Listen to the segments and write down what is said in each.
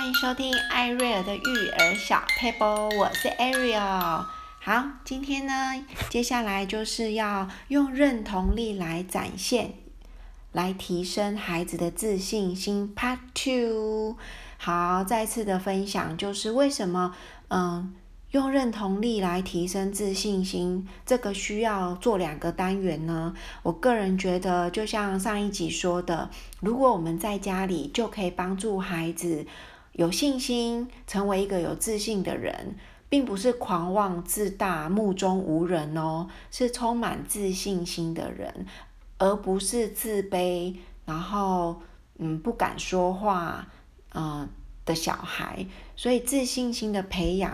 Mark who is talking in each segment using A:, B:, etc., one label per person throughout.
A: 歡迎收聽艾瑞爾的育兒小 table，我是 Ariel。好，今天呢，接下來就是要用認同力來展現，來提升孩子的自信心。Part two，好，再次的分享就是為什麼，嗯，用認同力來提升自信心，這個需要做兩個單元呢？我個人覺得，就像上一集說的，如果我們在家裡就可以幫助孩子有信心成為一個有自信的人，並不是狂妄自大，目中無人哦，是充滿自信心的人，而不是自卑，然後嗯不敢說話，啊、嗯、的小孩。所以自信心的培養，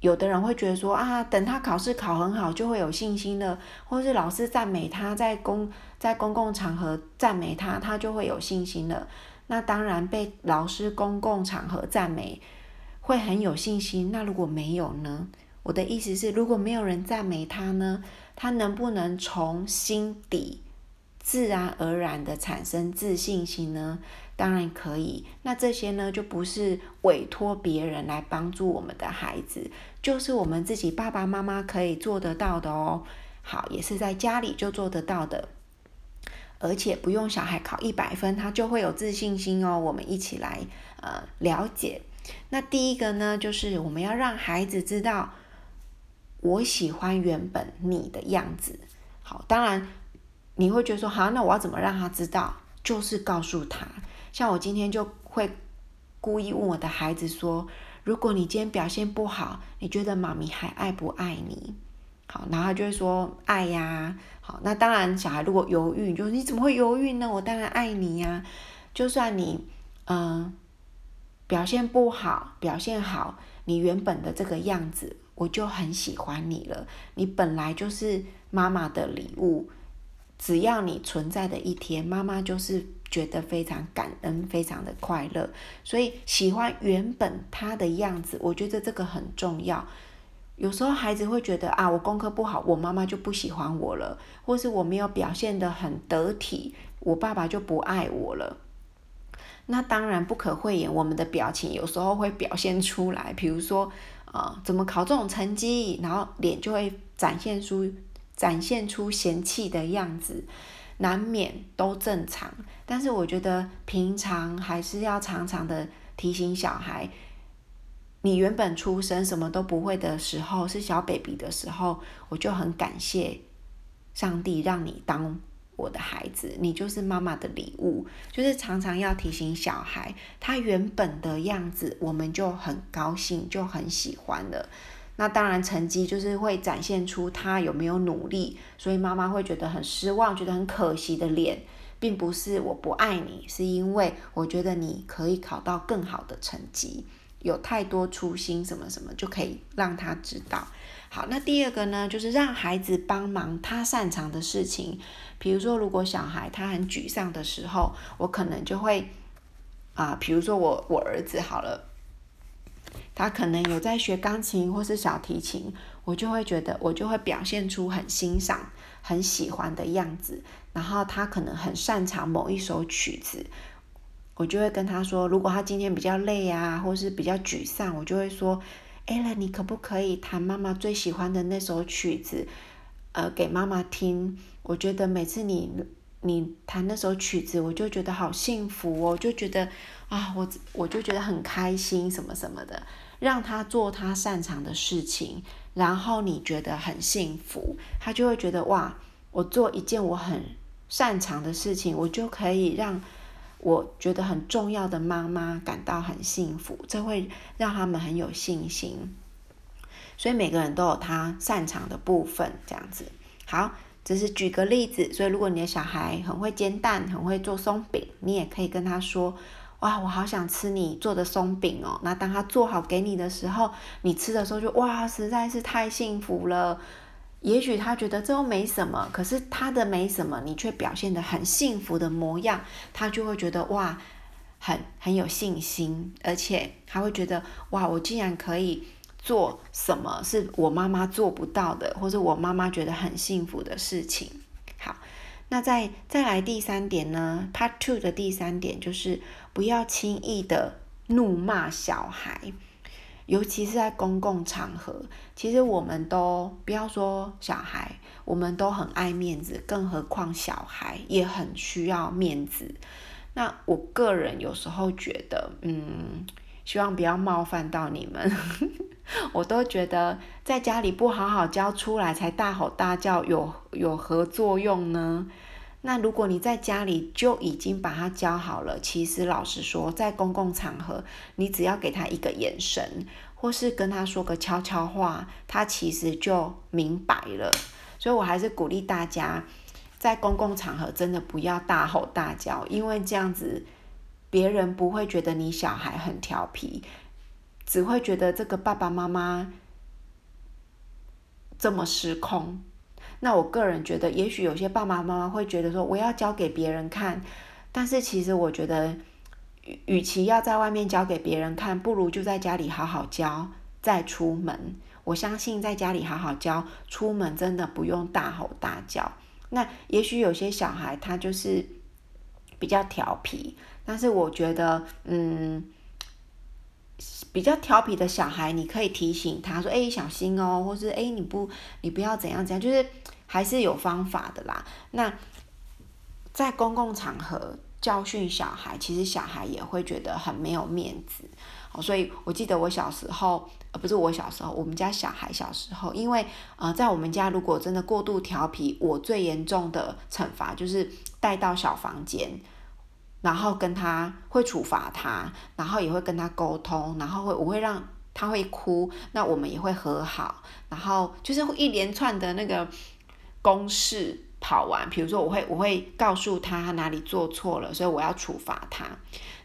A: 有的人會覺得說啊，等他考試考很好就會有信心了，或是老師讚美他在公在公共場合讚美他，他就會有信心了。那當然被老師公共場合讚美，會很有信心。那如果沒有呢？我的意思是，如果沒有人讚美他呢，他能不能從心底自然而然的產生自信心呢？當然可以。那這些呢，就不是委託別人來幫助我們的孩子，就是我們自己爸爸媽媽可以做得到的哦。好，也是在家裡就做得到的。而且不用小孩考一百分，他就會有自信心哦。我們一起來呃了解。那第一個呢，就是我們要讓孩子知道，我喜歡原本你的樣子。好，當然你會覺得說，好、啊，那我要怎麼讓他知道？就是告訴他，像我今天就會故意問我的孩子說，如果你今天表現不好，你覺得媽咪還愛不愛你？好，然後他就會說愛呀。好，那當然，小孩如果猶豫，你就說你怎麼會猶豫呢？我當然愛你呀。就算你呃表現不好，表現好，你原本的這個樣子，我就很喜歡你了。你本來就是媽媽的禮物，只要你存在的一天，媽媽就是覺得非常感恩，非常的快樂。所以喜歡原本他的樣子，我覺得這個很重要。有時候孩子會覺得啊，我功課不好，我媽媽就不喜歡我了，或是我沒有表現得很得體，我爸爸就不愛我了。那當然不可諱言，我們的表情有時候會表現出來，比如說啊，呃，怎麼考這種成績？然後臉就會展現出展現出嫌棄的樣子，難免都正常。但是我覺得平常還是要常常的提醒小孩。你原本出生什麼都不會的時候，是小 baby 的時候，我就很感謝上帝讓你當我的孩子，你就是媽媽的禮物。就是常常要提醒小孩，他原本的樣子，我們就很高興，就很喜歡了。那當然，成績就是會展現出他有沒有努力，所以媽媽會覺得很失望，覺得很可惜的臉，並不是我不愛你，是因為我覺得你可以考到更好的成績。有太多初心什麼什麼就可以讓他知道。好，那第二個呢，就是讓孩子幫忙他擅長的事情。比如說，如果小孩他很沮喪的時候，我可能就會，啊，比如說我我兒子好了，他可能有在學鋼琴或是小提琴，我就會覺得我就會表現出很欣賞、很喜歡的樣子。然後他可能很擅長某一首曲子。我就會跟他說，如果他今天比較累啊，或是比較沮喪，我就會說，Ella，你可不可以彈媽媽最喜歡的那首曲子，呃，給媽媽聽？我覺得每次你你彈那首曲子，我就覺得好幸福哦，我就覺得啊，我我就覺得很開心什麼什麼的。讓他做他擅長的事情，然後你覺得很幸福，他就會覺得哇，我做一件我很擅長的事情，我就可以讓。”我覺得很重要的媽媽感到很幸福，這會讓他們很有信心。所以每個人都有他擅長的部分，這樣子。好，只是舉個例子。所以如果你的小孩很會煎蛋，很會做鬆餅，你也可以跟他說：“哇，我好想吃你做的鬆餅哦。”那當他做好給你的時候，你吃的時候就哇，實在是太幸福了。也許他覺得這都沒什麼，可是他的沒什麼，你卻表現得很幸福的模樣，他就會覺得哇，很很有信心，而且他會覺得哇，我竟然可以做什麼是我媽媽做不到的，或是我媽媽覺得很幸福的事情。好，那再再來第三點呢？Part two 的第三點就是不要輕易的怒罵小孩。尤其是在公共場合，其實我們都不要說小孩，我們都很愛面子，更何況小孩也很需要面子。那我個人有時候覺得，嗯，希望不要冒犯到你們， 我都覺得在家裡不好好教出來，才大吼大叫有，有有何作用呢？那如果你在家裡就已經把他教好了，其實老實說，在公共場合，你只要給他一個眼神，或是跟他說個悄悄話，他其實就明白了。所以我還是鼓勵大家，在公共場合真的不要大吼大叫，因為這樣子，別人不會覺得你小孩很調皮，只會覺得這個爸爸媽媽這麼失控。那我個人覺得，也許有些爸爸媽媽會覺得說我要教給別人看，但是其實我覺得，與其要在外面教給別人看，不如就在家裡好好教。再出門，我相信在家裡好好教，出門真的不用大吼大叫。那也許有些小孩他就是比較調皮，但是我覺得，嗯，比較調皮的小孩，你可以提醒他說：“誒，小心哦，或是誒，你不，你不要怎樣怎樣。”就是。還是有方法的啦。那在公共場合教訓小孩，其實小孩也會覺得很沒有面子。哦，所以我記得我小時候，呃，不是我小時候，我們家小孩小時候，因為呃，在我們家如果真的過度調皮，我最嚴重的懲罰就是帶到小房間，然後跟他會處罰他，然後也會跟他溝通，然後會我會讓他會哭，那我們也會和好，然後就是會一連串的那個。公式跑完，比如說我會我會告訴他哪裡做錯了，所以我要處罰他。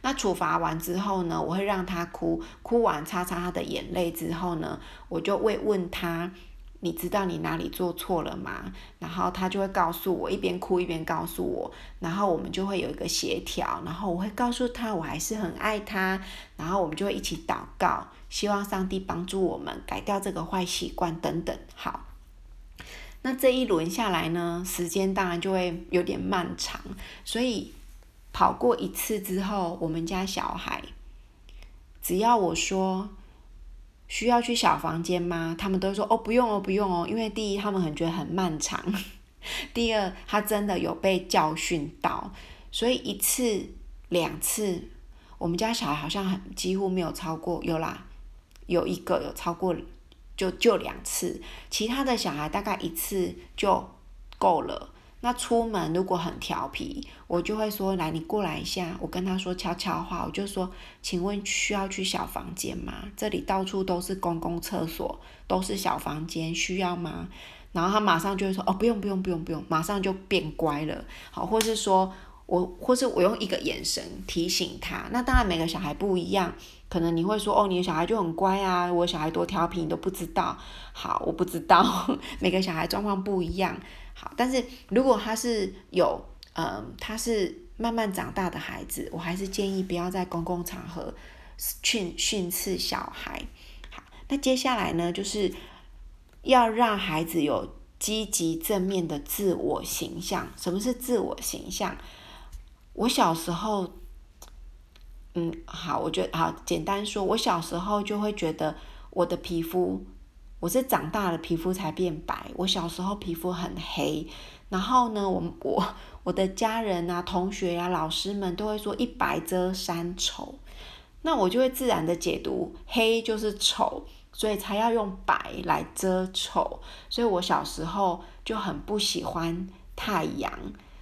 A: 那處罰完之後呢，我會讓他哭，哭完擦擦他的眼淚之後呢，我就會問他，你知道你哪裡做錯了嗎？然後他就會告訴我，一邊哭一邊告訴我，然後我們就會有一個協調，然後我會告訴他我還是很愛他，然後我們就會一起禱告，希望上帝幫助我們改掉這個壞習慣等等。好。那這一輪下來呢，時間當然就會有點漫長，所以跑過一次之後，我們家小孩只要我說需要去小房間嗎？他們都說哦，不用哦，不用哦，因為第一他們很覺得很漫長，第二他真的有被教訓到，所以一次兩次，我們家小孩好像很幾乎沒有超過，有啦，有一個有超過。就就兩次，其他的小孩大概一次就夠了。那出門如果很調皮，我就會說：“來，你過來一下。”我跟他說悄悄話，我就說：“請問需要去小房間嗎？這裡到處都是公共廁所，都是小房間，需要嗎？”然後他馬上就會說：“哦，不用，不用，不用，不用。”馬上就變乖了。好，或是說我，或是我用一個眼神提醒他。那當然，每個小孩不一樣。可能你會說哦，你的小孩就很乖啊，我小孩多調皮，你都不知道。好，我不知道，每個小孩狀況不一樣。好，但是如果他是有，嗯，他是慢慢長大的孩子，我還是建議不要在公共場合訓訓斥小孩。好，那接下來呢，就是要讓孩子有積極正面的自我形象。什麼是自我形象？我小時候。嗯，好，我覺得好簡單說，我小時候就會覺得我的皮膚，我是長大了皮膚才變白，我小時候皮膚很黑，然後呢，我我我的家人啊、同學呀、啊、老師們都會說一白遮三醜，那我就會自然的解讀黑就是醜，所以才要用白來遮醜，所以我小時候就很不喜歡太陽，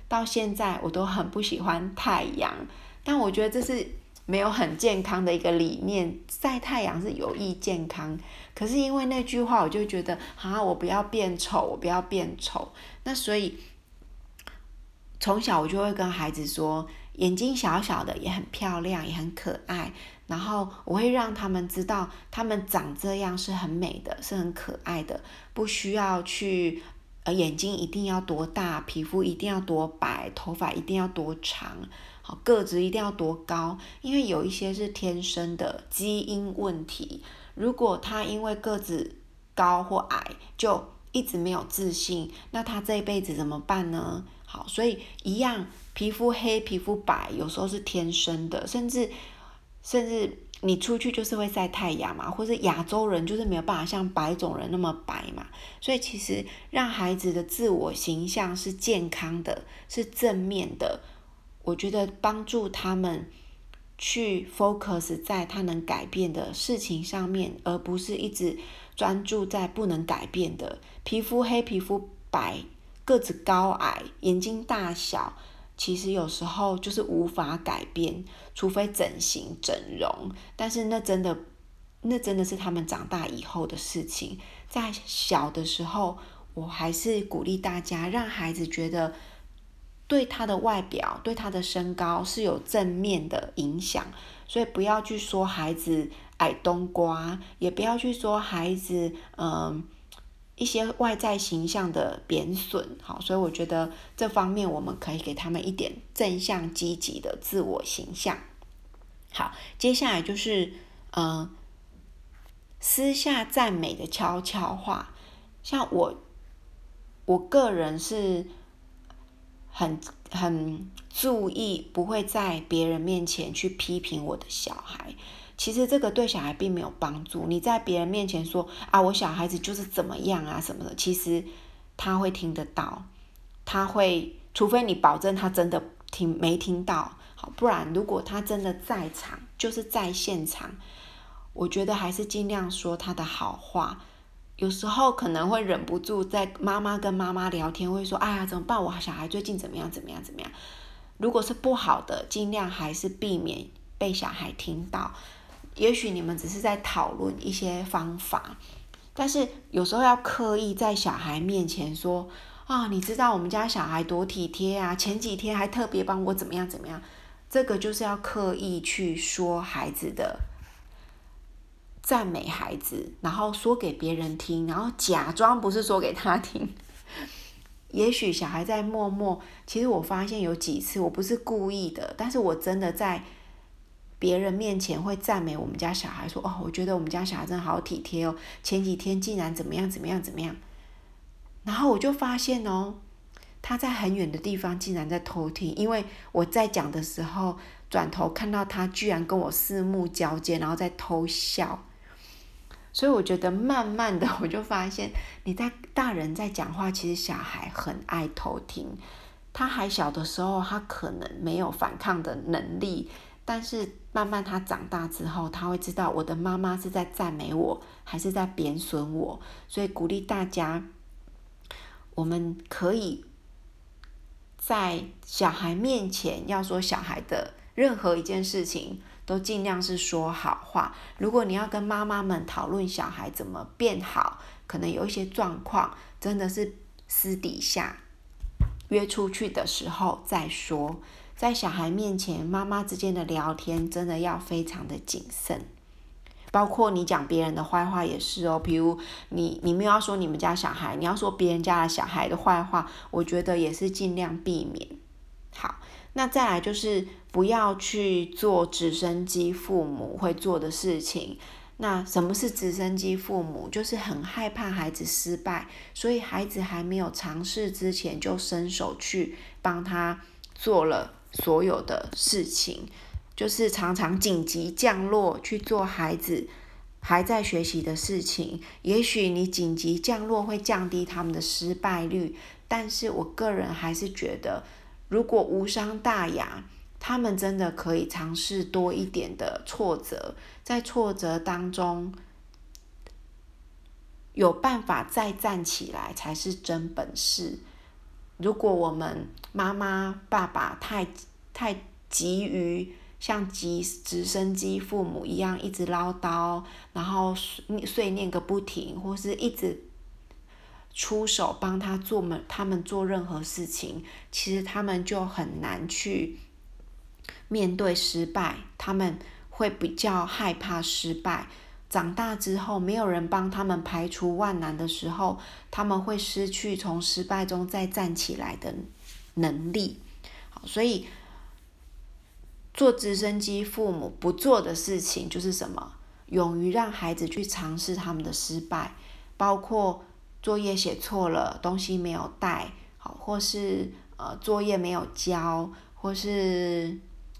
A: 到現在我都很不喜歡太陽，但我覺得這是。沒有很健康的一個理念，曬太陽是有益健康，可是因為那句話，我就覺得啊，我不要變醜，我不要變醜，那所以從小我就會跟孩子說，眼睛小小的也很漂亮，也很可愛，然後我會讓他們知道，他們長這樣是很美的，是很可愛的，不需要去，呃，眼睛一定要多大，皮膚一定要多白，頭髮一定要多長。個子一定要多高，因為有一些是天生的基因問題。如果他因為個子高或矮就一直沒有自信，那他這一輩子怎麼辦呢？好，所以一樣，皮膚黑、皮膚白，有時候是天生的，甚至甚至你出去就是會曬太陽嘛，或是亞洲人就是沒有辦法像白種人那麼白嘛。所以其實讓孩子的自我形象是健康的，是正面的。我覺得幫助他們去 focus 在他能改變的事情上面，而不是一直專注在不能改變的。皮膚黑、皮膚白、個子高矮、眼睛大小，其實有時候就是無法改變，除非整形整容，但是那真的，那真的是他們長大以後的事情。在小的時候，我還是鼓勵大家讓孩子覺得。對他的外表、對他的身高是有正面的影響，所以不要去說孩子矮冬瓜，也不要去說孩子嗯一些外在形象的貶損。好，所以我覺得這方面我們可以給他們一點正向積極的自我形象。好，接下來就是嗯私下讚美的悄悄話，像我我個人是。很很注意，不會在別人面前去批評我的小孩。其實這個對小孩並沒有幫助。你在別人面前說啊，我小孩子就是怎麼樣啊什麼的，其實他會聽得到。他會，除非你保證他真的聽沒聽到，好，不然如果他真的在場，就是在現場，我覺得還是盡量說他的好話。有時候可能會忍不住在媽媽跟媽媽聊天，會說：“哎呀，怎麼辦？我小孩最近怎麼樣？怎麼樣？怎麼樣？”如果是不好的，盡量還是避免被小孩聽到。也許你們只是在討論一些方法，但是有時候要刻意在小孩面前說：“啊，你知道我們家小孩多體貼啊！前幾天還特別幫我怎麼樣，怎麼樣。”這個就是要刻意去說孩子的。讚美孩子，然後說給別人聽，然後假裝不是說給他聽。 也許小孩在默默，其實我發現有幾次我不是故意的，但是我真的在別人面前會讚美我們家小孩，說哦，我覺得我們家小孩真的好體貼哦。前幾天竟然怎麼樣怎麼樣怎麼樣，然後我就發現哦，他在很遠的地方竟然在偷聽，因為我在講的時候，轉頭看到他居然跟我四目交接，然後在偷笑。所以我覺得，慢慢的我就發現，你在大人在講話，其實小孩很愛偷聽。他還小的時候，他可能沒有反抗的能力，但是慢慢他長大之後，他會知道我的媽媽是在讚美我，還是在貶損我。所以鼓勵大家，我們可以在小孩面前要說小孩的任何一件事情，都盡量是說好話。如果你要跟媽媽們討論小孩怎麼變好，可能有一些狀況，真的是私底下約出去的時候再說。在小孩面前，媽媽之間的聊天真的要非常的謹慎。包括你講別人的壞話也是哦，比如你你沒有要說你們家小孩，你要說別人家的小孩的壞話，我覺得也是盡量避免。好，那再來就是，不要去做直升機父母會做的事情。那什麼是直升機父母？就是很害怕孩子失敗，所以孩子還沒有嘗試之前就伸手去幫他做了所有的事情，就是常常緊急降落去做孩子還在學習的事情。也許你緊急降落會降低他們的失敗率，但是我個人還是覺得，如果無傷大雅。他們真的可以嘗試多一點的挫折，在挫折當中有辦法再站起來，才是真本事。如果我們媽媽、爸爸太太急於像直直升機父母一樣一直嘮叨，然後碎碎念個不停，或是一直出手幫他做們他們做任何事情，其實他們就很難去。面對失敗，他們會比較害怕失敗。長大之後，沒有人幫他們排除萬難的時候，他們會失去從失敗中再站起來的能力。好，所以做直升機父母不做的事情就是什麼？勇於讓孩子去嘗試他們的失敗，包括作業寫錯了、東西沒有帶，好，或是呃作業沒有交，或是。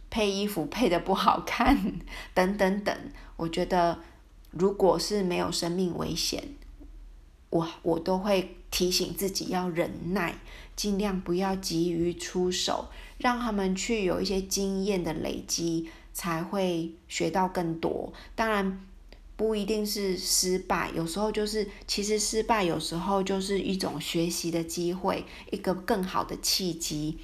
A: 配衣服配得不好看，等等等，我覺得如果是沒有生命危險，我我都會提醒自己要忍耐，盡量不要急於出手，讓他們去有一些經驗的累積，才會學到更多。當然不一定是失敗，有時候就是其實失敗有時候就是一種學習的機會，一個更好的契機，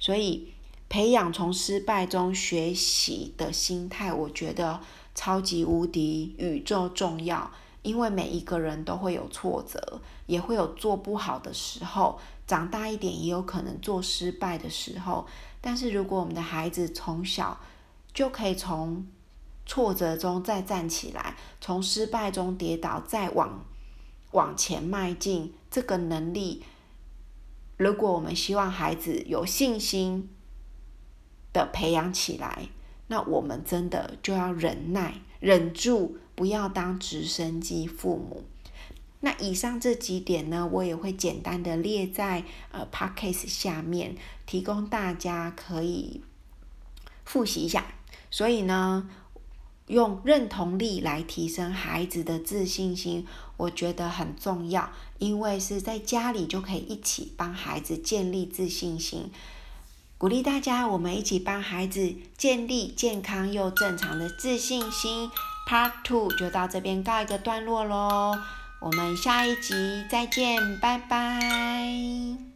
A: 所以。培養從失敗中學習的心態，我覺得超級無敵宇宙重要。因為每一個人都會有挫折，也會有做不好的時候，長大一點也有可能做失敗的時候。但是如果我們的孩子從小就可以從挫折中再站起來，從失敗中跌倒再往往前邁進，這個能力，如果我們希望孩子有信心的培養起來，那我們真的就要忍耐、忍住，不要當直升機父母。那以上這幾點呢，我也會簡單的列在呃 Podcast 下面，提供大家可以複習一下。所以呢，用認同力來提升孩子的自信心，我覺得很重要，因為是在家裡就可以一起幫孩子建立自信心。鼓勵大家，我們一起幫孩子建立健康又正常的自信心。Part Two 就到這邊告一個段落嘍，我們下一集再見，拜拜。